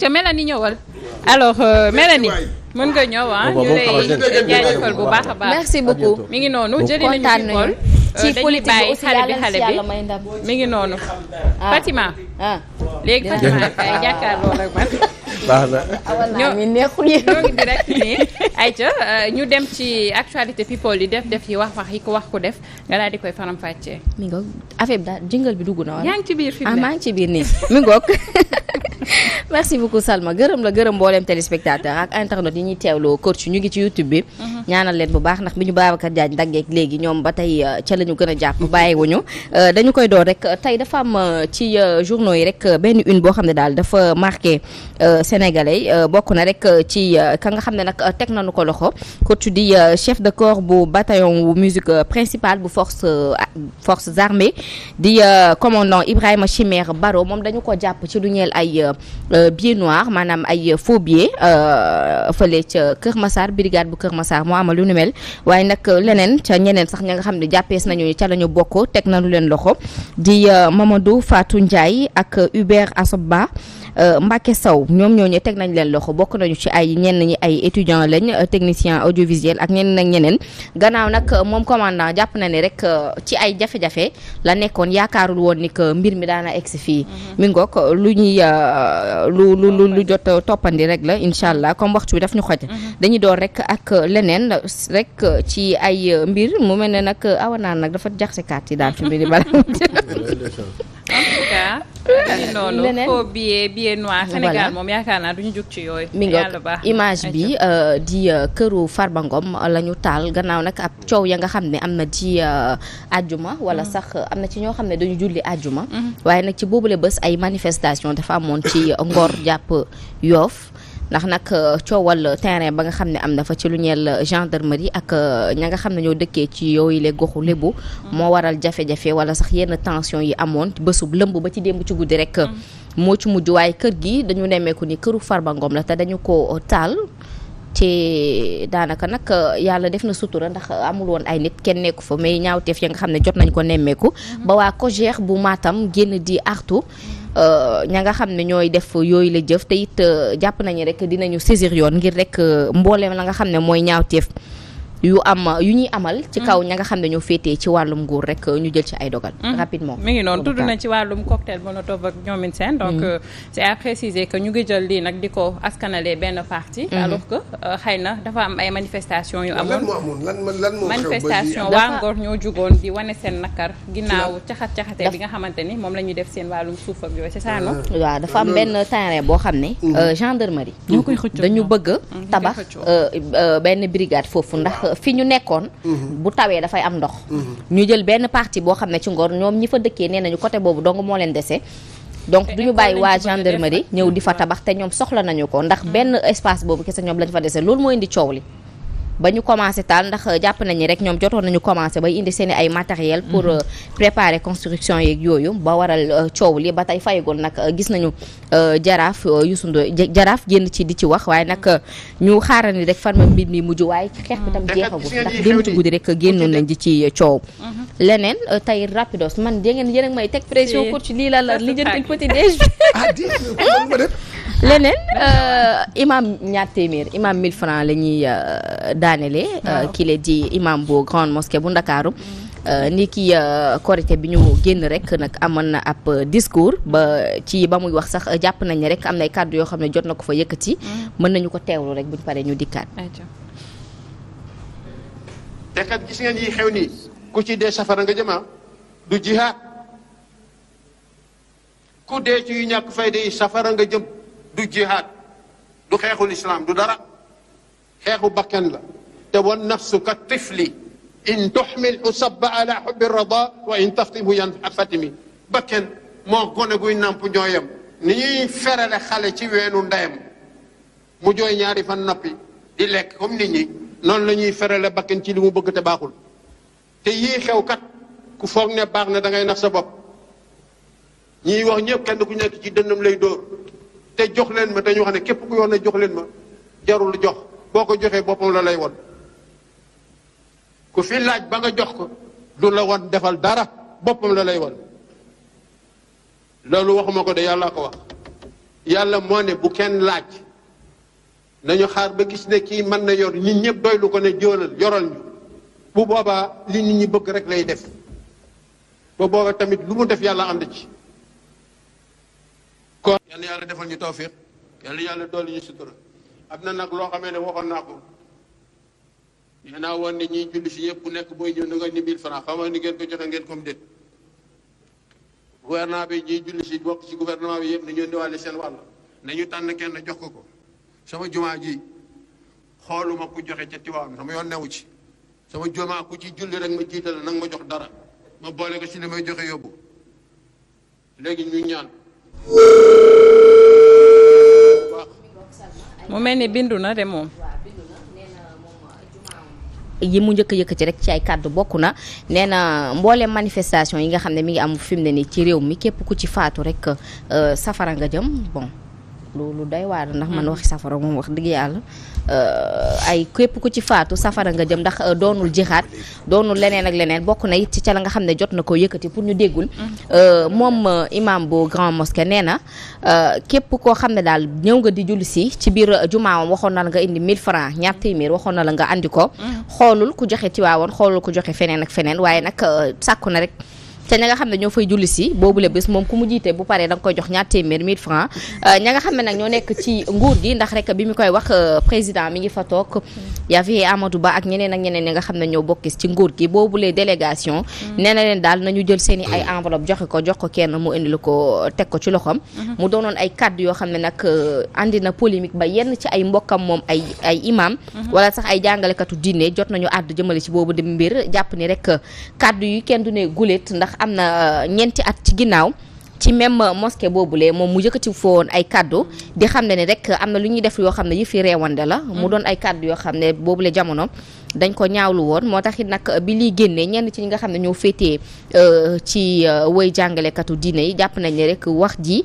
ca Mélanie ñëwal alors euh, Mélanie mën nga ñëw ah? ñu lay jaajëfal bu baax a baax. merci beaucoup mi ngi noonu jëli nañu ci xool euh, bi xale bi xale bi mi ngi noonu. Ah. Fatima. Ah. léegi Fatima kay jàkkaarloo ak man. baax na ñoo mi neexul yéen ñoo ngi direct euh, ñu dem ci actualité people yi def def yi wax wax yi ko wax ko def nga daal di koy faram fàccee. mi ngoog affaire bi daal jingle bi dugg na wala. yaa ngi ci biir fi ah, maa ngi ci biir nii mi ngoog. merci beaucoup Salma gërëm la gërëm mboolem téléspectateur ak internet yi ñuy teewloo coach ñu ngi ci YouTube bi. Mhm. ñaanal leen bu baax ndax bi ñu Babacar Diagne daggeeg léegi ñoom ba tey euh, ca la ñu gën a jàpp mhm. bàyyiwuñu euh, dañu koy door rek tey dafa am ci journaux yi rek benn une boo xam ne daal dafa marqué sénégalais euh, bokk na rek euh, ci euh, ka nga xam ne nag teg nañu ko loxo ko tuddi chef de corps bu bataillon bu musique principal bu force forces armées di commandant Ibrahima Chimère Baro moom dañu ko jàpp ci lu ñeel ay billets noirs maanaam ay faux billets fële ca Kër Massar brigade bu Kër Massar moo amal lu nu mel waaye nag leneen ca ñeneen sax ña nga xam ne jàppees nañu ca la ñu bokk teg nanu leen loxo di Mamadou Fatou Ndiaye ak Hubert Asobba Mbacke Sow ñoom ñooñu teg nañ leen loxo bokk nañu ci ay ñenn ñi ay étudiants lañ euh, technicien audiovisuel ak ñenn ak ñeneen gannaaw nag euh, moom commandant jàpp na ne rek euh, ci ay jafe-jafe la nekkoon yaakaarul woon ni mbir mi daana egsi fii mhm. mi ngoog lu ñuy lu lu lu jot toppandi rek la incha allah comme waxtu wi daf ñu xoj mhm. dañuy door rek ak leneen rek ci ay mbir mu mel ne nag awanaan nag dafa jaxase yi daal fi mbiri bala en tout cas. Euh, noonu noir Sénégal moom yaakaar naa duñu jóg ci yooyu. mi nga image bi euh, di euh, këru farbangom Ngom ñu taal gannaaw nag ab coow ya nga xam ne am na ci àjjuma. wala mm. sax am na ci ñoo xam ne dañu julli àjjuma. Mm-hmm. waaye nag ci boobu la bés ay manifestation dafa amoon ci Ngor jàpp yoof ndax nag euh, coowal terrain ba nga xam ne am na fa ci lu ñeel euh, gendarmerie ak euh, ña nga xam ne ñoo dëkkee ci yooyu le goxu léebu mm-hmm. moo waral jafe-jafe wala sax yenn tension yi amoon bésub lëmb ba ci démb ci guddi rek mm-hmm. moo ci mujj waaye kër gi dañu nemmeeku ni këru Farba ngoom la te dañu ko taal te daanaka nag euh, yàlla def na sutura ndax amul woon ay nit kenn nekku fa mais ñaawteef ya nga xam ne jot nañ ko nemmeeku. Mhm. ba waa COJER bu maatam génn di artu mhm. euh, ña nga xam ne ñooy def yooyu la jëf te it euh, jàpp nañu rek dinañu saisir yoon ngir rek mbooleem la nga xam ne mooy ñaawteef. yu am yu ñuy amal. ci mm. kaw ña nga xam ne ñoo féetee ci wàllum nguur rek euh, ñu jël ci ay dogal. Mm. rapidement mi ngi noonu tudd na ci wàllum cocktail Molotov ak ñoomin seen. Mm. donc euh, c'est que ñu ngi jël lii nag di ko askanalee benn parti. alors euh, xëy na dafa am ay manifestations yu amoon. lan moo amoon lan moo ñoo jugoon di wane seen nakar ginnaaw caxat caxate bi nga xamante ni moom la ñuy def seen wàllum suuf ak yooyu c'est ça non. waaw dafa am benn terrain boo xam ne. Mm-hmm. gendarmerie. ñoo koy xëccoo dañu bëgg tabax benn brigade foofu ndax fi ñu nekkoon mhm. bu tawee dafay am ndox mhm. ñu jël benn partie boo xam ne ci Ngor ñoom ñi fa dëkkee nee nañu côté boobu dong moo leen dese donc du ñu bàyyi waa gendarmerie ñëw di fa mhm. tabax te ñoom soxla nañu ko ndax benn espace boobu kese ñoom lañ fa dese loolu moo indi coow li ba ñu commencé taal ndax euh, jàpp nañu rek ñoom jotoon nañu commencé bay indi seeni ay matériel pour mhm. euh, préparer construction yeeg yooyu ba waral euh, coow li ba tey fayagul nag gis nañu jaraaf Youssou Ndoye jaraaf génn ci di ci wax waaye nag ñu xaaral ni rek fan ma mbir mi mujj waaye mhm. xeex bi tam jeexagul ndax démb ci guddi rek génnoon nañ di ci coow mhm. leneen tey rapidos man de ngeen yéen a may teg pression pour ci lii la la li jëntañ petit déj bi ah, leneen euh, imam ñaar téeméer imam 1000 francs la ñuy euh, daanele euh, ki le di imam bu grande mosquée bu Ndakaaru mm. ni ki korité bi ñu génn rek nag amoon na ab discours ba ci ba muy wax sax jàpp nañ ne rek am nay kàddu yoo xam ne jot na ko fa yëkkati mm. mën nañu ko teewlu rek buñ paree ñu dikkaat te kat gis ngeen yi xew nii ku ci dee safara nga jëma ah, du jihaad ku dee ci ñàkk fayda yi safara nga jëm du jihaad du xeexu islaam du dara xeexu bakkan la te wan nafsu ka tifli in tuxmil usabba ala xubbi rada wa in taftimhu yan fatimi bakkan moo gone guy nàmp ñooyam ni ñuy ferale xale ci weenu ndeyam mu jooy ñaari fan noppi di lekk comme nit ñi noonu la ñuy ferale bakkan ci li mu bëgg te baaxul te yii xew kat ku foog ne baax na da ngay nax sa bopp ñiy wax ñëpp kenn ku nekk ci dënnam lay dóor te jox leen ma dañu wax ne képp ku yoon ne jox leen ma jarul jox boo ko joxee boppam la lay won ku fi laaj ba nga jox ko du la won defal dara boppam la lay won loolu waxuma ko de yàlla ko wax yàlla moo ne bu kenn laaj nañu xaar ba gis ne kii mën na yor nit ñëpp doylu ko ne jóolal yoral ñu bu boobaa li nit ñi bëgg rek lay def ba booba tamit lu mu def yàlla am na ci kon yal yàlla defal ñu tawfiq yal na yàlla dolli ñu sutura am na nag loo xamee ne waxoon naa ko nee naa woon ne ñiy julli si yëpp ku nekk booy ñëw na nga ni 1000 francs xam ni ngeen ko joxe ngeen comme déet gouvernement bi ñiy julli si bokk ci gouvernement bi yëpp nañu indiwaale seen wàll nañu tànn kenn jox ko ko sama jumaa ji xooluma ku joxe ca Tiwaawan sama yoon newu ci sama jumaa ku ci julli rek ma jiital nag ma jox dara ma boole ko si li may joxe yóbbu ñaan mu mel ni bindu na de moom. yi mu njëkk ci rek ci ay kàddu bokk na nee na mbooleem manifestation yi nga xam ne mi ngi amu fi mu ne nii ci réew mi képp ku ci faatu rek euh, safara nga jëm bon. lu lu doy waar ndax man mm-hmm. waxi safara moom wax dëgg yàlla euh, ay képp ku ci faatu safara nga jëm ndax euh, doonul jixaat doonul leneen ak leneen bokk na it ci ca la nga xam ne jot na koo yëkkati pour ñu déggul mm-hmm. euh, moom imam boo Grand Mosquée nee na képp koo xam ne daal ñëw nga di julli si ci biir jumaawam waxoon na la nga indi 1000 francs ñaar téeméer waxoon na la nga indi ko mm-hmm. xoolul ku joxe Tiwaawoon xoolul ku joxe feneen ak feneen waaye nag sàkku na rek te ña nga xam ne ñoo fay julli si boobule bés moom ku mu jiite bu paree da nga koy jox ñaar téeméer 1000 francs euh, ña nga xam ne nag ñoo nekk ci nguur gi ndax rek bi mu koy wax euh, président mi ngi fa toog yaa fi Amadou Ba ak ñeneen ak ñeneen ñi nga xam ne ñoo bokkis ci nguur gi boobule délégation mm. nee na leen daal nañu jël seen ay enveloppe joxe ko jox ko kenn mu indil ko teg ko ci loxom mm-hmm. mu doonoon ay kàddu yoo xam ne nag euh, andi na polémique ba yenn ci ay mbokkam moom ay ay imam mm-hmm. wala sax ay jàngalekatu diine jot nañu àdd jëmale ci boobu di mbir jàpp ni rek kàddu yu kenn du ne guléet ndax am na euh, ñeenti at ci ginnaaw ci même boobu euh, boobule moom mu yëkkati foo woon ay kàddu di xam ne ni rek am na lu ñuy def yoo xam ne yëfi reewande la mu mm. doon ay kàddu yoo xam ne boobule jamono dañ ko ñaaw lu woon moo tax it nag euh, bi lii génnee ñenn ci ñi nga xam ne ñoo féetee euh, ci euh, woy jàngalekatu diine yi jàpp nañ ne rek wax ji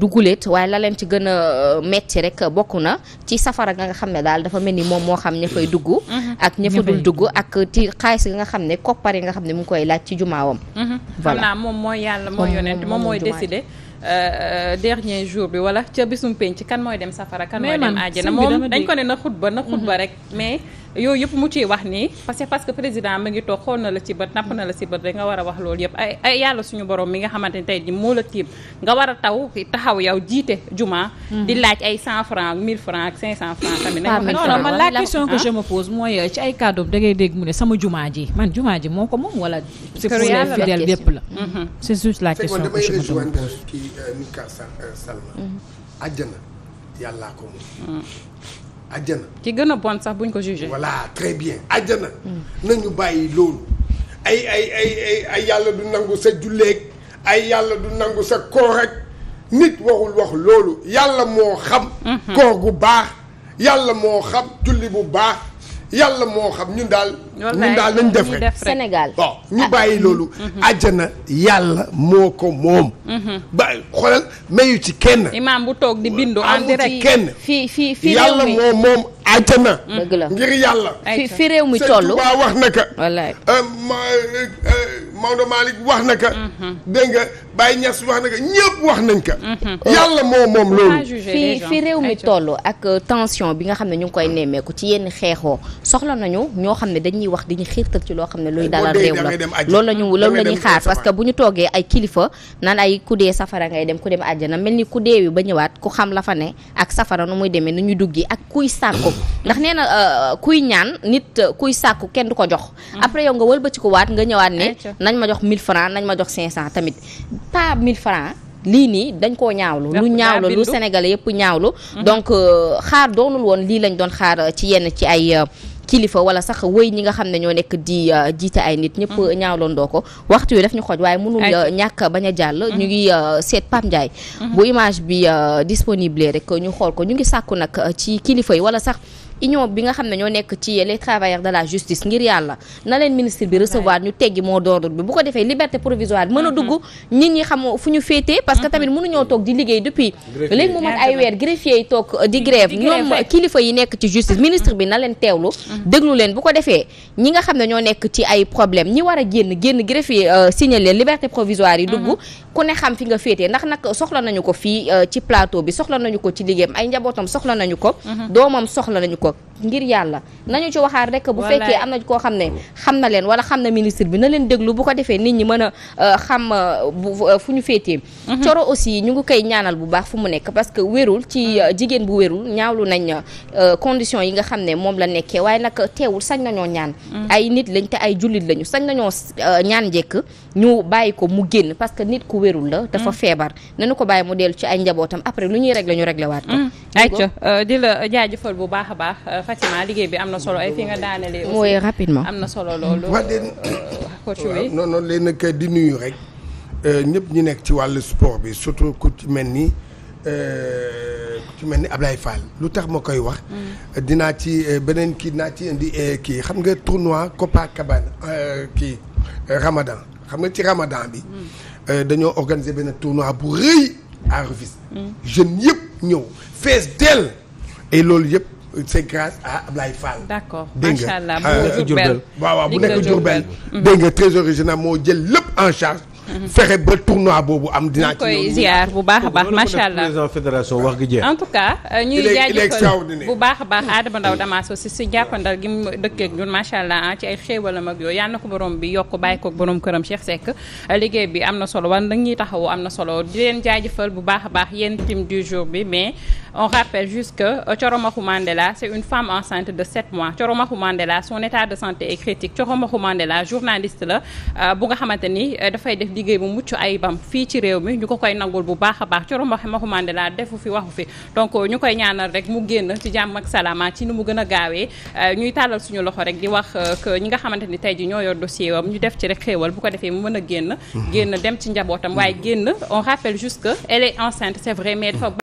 du guléet waaye la leen ci gën a metti rek bokk na ci safara nga nga xam ne daal dafa mel ni moom moo xam ña fay dugg mhm. ak ña dugg ak ci xaalis nga nga xam ne koppar yi nga xam ne mu ngi koy laaj ci jumaawam mhm. voilà xam naa moom mooy yàlla mooy yonent moom mooy décidé dernier jour bi wala ca bisum penc kan mooy dem safara kan mooy dem àjjana moom dañ ko ne na xutba na xutba mhm. rek yooyu yëpp mu ciy wax nii parce que parce que président mi ngi toog xool na la ci bët napp na la ci bët rek nga war a wax loolu yëpp ay ay yàlla suñu borom mi nga xamante ni tey ji moo la tiim nga war a taw taxaw yow jiite jumaa mm-hmm. di laaj ay 100 francs 1000 francs 500 francs tamit. non non man la question que ah. je pose mooy ci ay kàddoom da ngay dégg mu ne sama jumaa ji man juma ji moo ko moom wala. c'est pour les la. Mm-hmm. c'est juste la question que je me pose. Euh, euh, mm-hmm. àjjana ko moom mm. àjjana. ki gën a bon sax bu buñ ko jugé. voilà très bien àjjana. nañu bàyyi loolu. ay ay ay ay ay yàlla du nangu sa julleeg ay yàlla du nangu sa koor rek nit waxul wax loolu yàlla moo xam. Mhm. koor gu baax yàlla moo xam julli bu baax. yàlla moo xam ñun daal. ñun daal nañ def rek Sénégal. bon ñu ah. bàyyi loolu. Mhm. Mhm. àjjana yàlla moo ko moom. Mhm. ba xoolal mayu ci kenn. imaam bu toog di bindu en direct kenn. fii fii fii yàlla moo moom àjjana. ngir yàlla. fi fi réew mi toll Sëñ Tuubaa wax naka. wallaay. Euh, euh, Maodo Malick wax na ka dégg nga Baye wax na ka wax nañ ka yàlla moo moom loolu fi fi réew mi toll ak euh, tension bi nga xam ne ñu ngi koy nemmeeku ci yenn xeexoo soxla nañu ñoo xam ne dañuy wax diñu xiirtal ci loo xam ne luy dalal réew la loolu la ñu loolu la ñuy xaar parce que bu ñu toogee ay kilifa naan ay ku dee safara ngay dem ku dem àjjana mel ni ku dee wi ba ñëwaat ku xam la fa ne ak safara nu muy demee nu ñuy duggi ak kuy sàkku ndax nee na euh, kuy ñaan nit kuy sàkku kenn du ko jox mm. après yow nañ ma jox 1000 francs nañ ma jox cent tamit pas 1000 francs lii nii dañ koo ñaawlu lu ñaawlu lu sénégalais yëpp ñaawlu mhm. donc euh, xaar doonul woon lii lañ doon xaar euh, ci yenn ci ay euh, kilifa wala sax wéy ñi nga xam ne ñoo nekk di jiite ay nit ñëpp mhm. ñaawloondoo ko waxtu yu def ñu xooj waaye mënul ñàkk bañ a jàll mhm. ñu ngi seet Pape Ndiaye bu image bi rek ñu xool ko ñu ngi sàkku nag ci kilifa yi wala sax union bi nga xam ne ñoo nekk ci les travailleurs de la justice ngir yàlla na leen ministre bi recevoir ñu teggi moo d'ordre bi bu ko defee liberté provisoire mën a mm-hmm. dugg nit ñi xamoo fu ñu féetee parce que mm-hmm. tamit mënuñoo toog di liggéey depuis léegi mu mat ay weer greffier yi toog euh, di grève kilifa yi nekk ci justice ministre bi na leen teewlu mm-hmm. déglu leen bu ko defee ñi nga xam ne ñoo nekk ci ay problème ñi war a génn génn greffier euh, signé leen liberté provisoire yi dugg ku ne xam fi nga féetee ndax nag soxla nañu ko fii euh, ci plateau bi soxla nañu ko ci liggéeyam ay njabootam soxla nañu ko ko ngir yàlla nañu ci waxaar rek bu fekkee am na koo xam ne xam na leen wala xam na ministre bi na leen déglu bu ko defee nit ñi mën a euh, xam euh, euh, fu ñu féetee mhm. coro aussi ñu ngi koy ñaanal bu baax fu mu nekk parce que wérul ci mhm. jigéen bu wérul ñaawlu nañ condition yi nga xam ne moom la nekkee waaye nag teewul sañ nañoo ñaan mhm. ay nit lañ te ay jullit lañu sañ nañoo ñaan njekk ñu bàyyi ko mu génn parce que nit ku wérul la dafa feebar nañu ko bàyyi mu dellu ci ay njabootam après lu ñuy régler ñu régler waat ko di la jaajëfal bu baax a baax Fatima liggéey bi am na solo ay fi nga daanelee. mooy rapidement am na solo loolu. wax dëgg non non léegi nag di nuyu rek euh, ñëpp ñu nekk ci wàll sport bi surtout ku ci mel ni euh, ku ci mel ni ab Ablaye Fall lu tax ma koy wax. Mm. dinaa ci euh, beneen kii dinaa ci indi kii xam nga tournoi Copacabana kii Ramadan xam nga ci Ramadan bi. Mm. dañoo organiser benn tournoi bu rëy à Rufisque. Mm. jeunes yëpp ñëw fees dell et loolu yëpp. c'est grâce à Ablaye Fall. d'accord macha allah bu nekk Diourbel dégg nga euh, waaw waaw bu nekk Diourbel dégg nga trésorier général moo jël lépp en charge. fexe ba tournoi boobu am. dinaa ci koy ziar bu baax a baax macha allah président fédération wax euh, bu baax a baax aadama Ndao Damaso si si jàppandal gi mu dëkkeeg ñun macha allah ah, ci ay xéewalam ak yooyu yal na ko borom bi yokk bàyyi ko borom këram Cheikh Seck euh, liggéey bi am na solo war nag ñuy taxawoo am na solo di leen jaajëfal bu baax a baax yéen team du jour bi mais on rappelle juste que euh, Coromakhou Mandela c'est une femme enceinte de 7 mois Coromakhou Mandela son état de santé est critique Coromakhou la bu nga xamante ni dafay def liggéey bu mucc ayibam fii ci réew mi ñu ko koy nangul bu baax a baax Coro Maxu Mandela defu fi waxu fi donc ñu koy ñaanal rek mu génn ci jàmm ak salaama ci ni mu gën a gaawee euh, ñuy tàllal suñu loxo rek di wax euh, que ñi nga xamante ni tey ji ñoo yor dossier wam ñu def ci rek xéewal bu ko defee mu mën a génn mm-hmm. génn dem ci njabootam mm-hmm. waaye génn on rappelle juste que elle est vrai mais dafa